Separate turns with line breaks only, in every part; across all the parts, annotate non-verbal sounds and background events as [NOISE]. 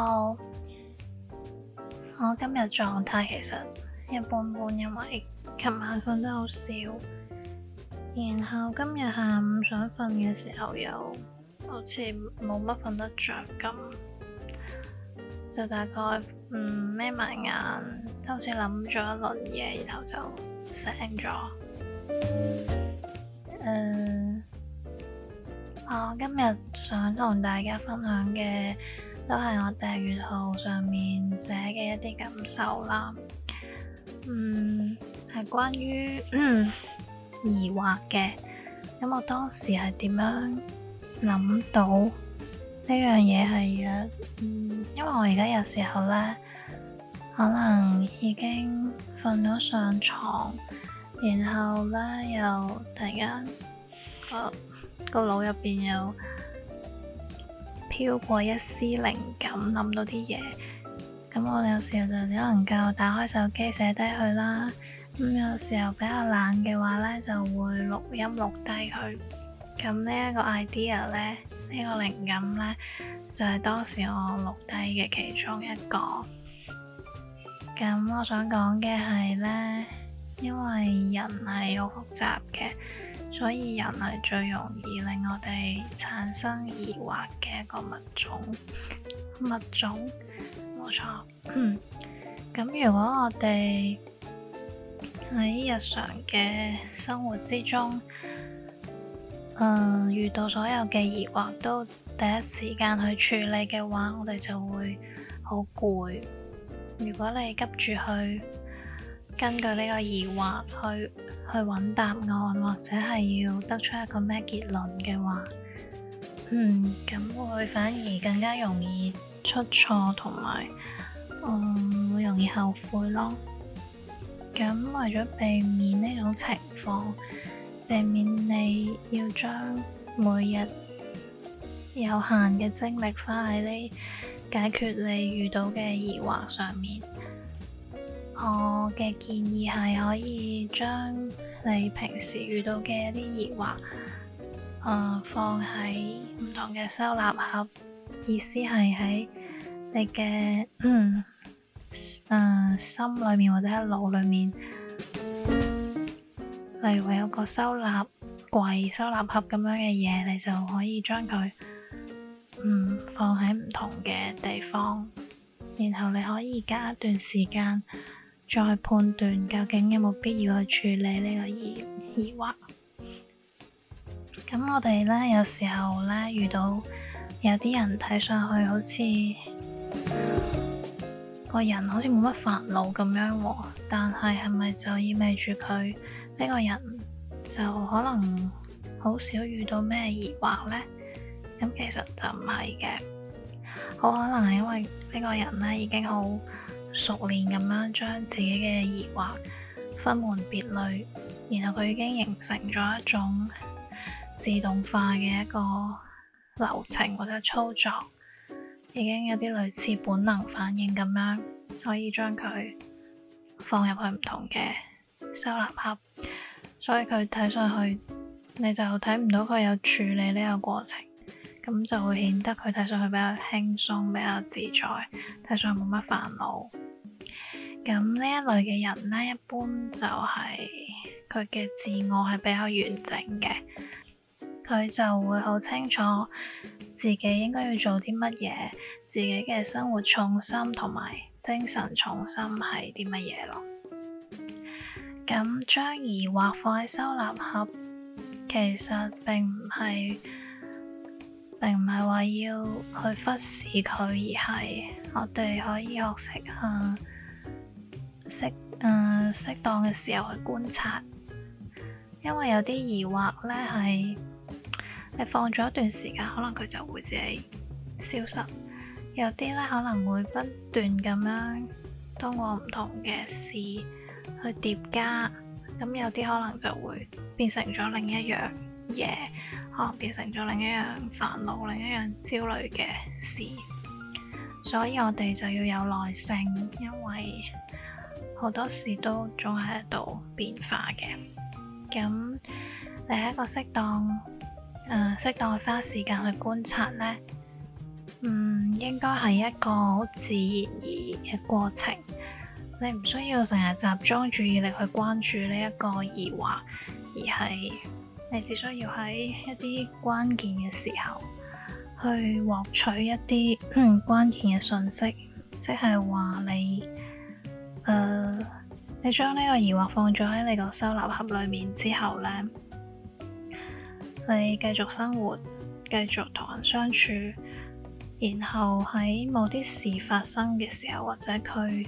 Oh. 我今日狀態其實一般般，因為琴晚瞓得好少，然後今日下午想瞓嘅時候又好似冇乜瞓得着咁，就大概嗯眯埋眼，都好似諗咗一輪嘢，然後就醒咗。誒，uh，我今日想同大家分享嘅，都係我訂閱號上面寫嘅一啲感受啦，嗯，係關於 [COUGHS] 疑惑嘅，咁我當時係點樣諗到呢樣嘢係啊？嗯，因為我而家有時候咧，可能已經瞓咗上床，然後咧又突然間個個腦入邊有。超過一絲靈感，諗到啲嘢，咁我哋有時候就只能夠打開手機寫低佢啦。咁有時候比較懶嘅話呢，就會錄音錄低佢。咁呢一個 idea 呢，呢、呢個靈感呢，就係、是、當時我錄低嘅其中一個。咁我想講嘅係呢，因為人係好複雜嘅。所以人係最容易令我哋產生疑惑嘅一個物種，物種冇錯。咁、嗯、如果我哋喺日常嘅生活之中，嗯遇到所有嘅疑惑都第一時間去處理嘅話，我哋就會好攰。如果你急住去根據呢個疑惑去，去揾答案，或者係要得出一個咩結論嘅話，嗯，咁會反而更加容易出錯，同埋嗯會容易後悔咯。咁為咗避免呢種情況，避免你要將每日有限嘅精力花喺你解決你遇到嘅疑惑上面。我嘅建議係可以將你平時遇到嘅一啲疑惑，放喺唔同嘅收納盒，意思係喺你嘅誒、嗯呃、心裏面或者喺腦裏面，例如會有個收納櫃、收納盒咁樣嘅嘢，你就可以將佢嗯放喺唔同嘅地方，然後你可以隔一段時間。再判斷究竟有冇必要去處理呢個疑疑惑。咁我哋咧有時候咧遇到有啲人睇上去好似個人好似冇乜煩惱咁樣，但係係咪就意味住佢呢個人就可能好少遇到咩疑惑呢？咁其實就唔係嘅，好可能係因為呢個人咧已經好熟練咁樣將自己嘅疑惑分門別類，然後佢已經形成咗一種自動化嘅一個流程或者操作，已經有啲類似本能反應咁樣，可以將佢放入去唔同嘅收納盒，所以佢睇上去你就睇唔到佢有處理呢個過程。咁就會顯得佢睇上去比較輕鬆，比較自在，睇上去冇乜煩惱。咁呢一類嘅人呢，一般就係佢嘅自我係比較完整嘅，佢就會好清楚自己應該要做啲乜嘢，自己嘅生活重心同埋精神重心係啲乜嘢咯。咁將疑惑放喺收納盒，其實並唔係。並唔係話要去忽視佢，而係我哋可以學識下，識嗯、呃、適當嘅時候去觀察，因為有啲疑惑呢，係，你放咗一段時間，可能佢就會自己消失；有啲呢，可能會不斷咁樣通過唔同嘅事去疊加，咁有啲可能就會變成咗另一樣嘢，yeah, 可能變成咗另一樣煩惱、另一樣焦慮嘅事，所以我哋就要有耐性，因為好多事都仲喺度變化嘅。咁你喺一個適當誒、呃、適當花時間去觀察呢，嗯，應該係一個好自然而然嘅過程。你唔需要成日集中注意力去關注呢一個疑惑，而係～你只需要喺一啲關鍵嘅時候，去獲取一啲關鍵嘅信息，即係話你，誒、呃，你將呢個疑惑放咗喺你個收納盒裏面之後咧，你繼續生活，繼續同人相處，然後喺某啲事發生嘅時候，或者佢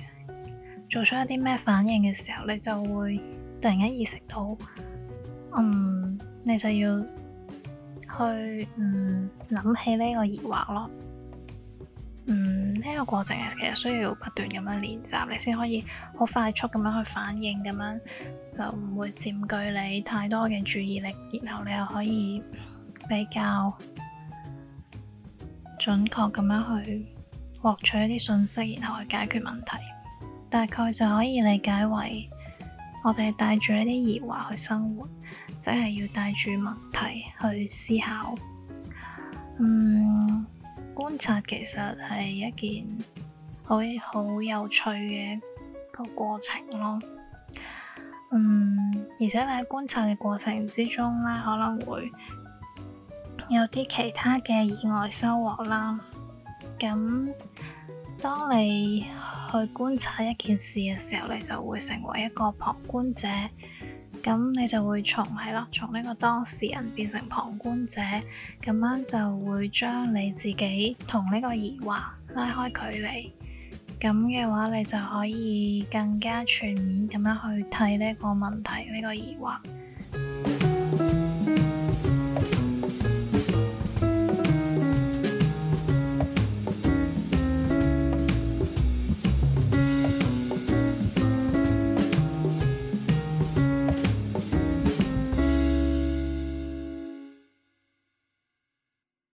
做出一啲咩反應嘅時候，你就會突然間意識到，嗯。你就要去嗯諗起呢個疑惑咯，嗯，呢個過程其實需要不斷咁樣練習，你先可以好快速咁樣去反應，咁樣就唔會佔據你太多嘅注意力，然後你又可以比較準確咁樣去獲取一啲信息，然後去解決問題。大概就可以理解為。我哋係帶住一啲疑惑去生活，即係要帶住問題去思考。嗯，觀察其實係一件好好有趣嘅一個過程咯。嗯，而且你喺觀察嘅過程之中咧，可能會有啲其他嘅意外收穫啦。咁，當你。去觀察一件事嘅時候，你就會成為一個旁觀者。咁你就會從係咯，從呢個當事人變成旁觀者，咁樣就會將你自己同呢個疑惑拉開距離。咁嘅話，你就可以更加全面咁樣去睇呢個問題、呢個疑惑。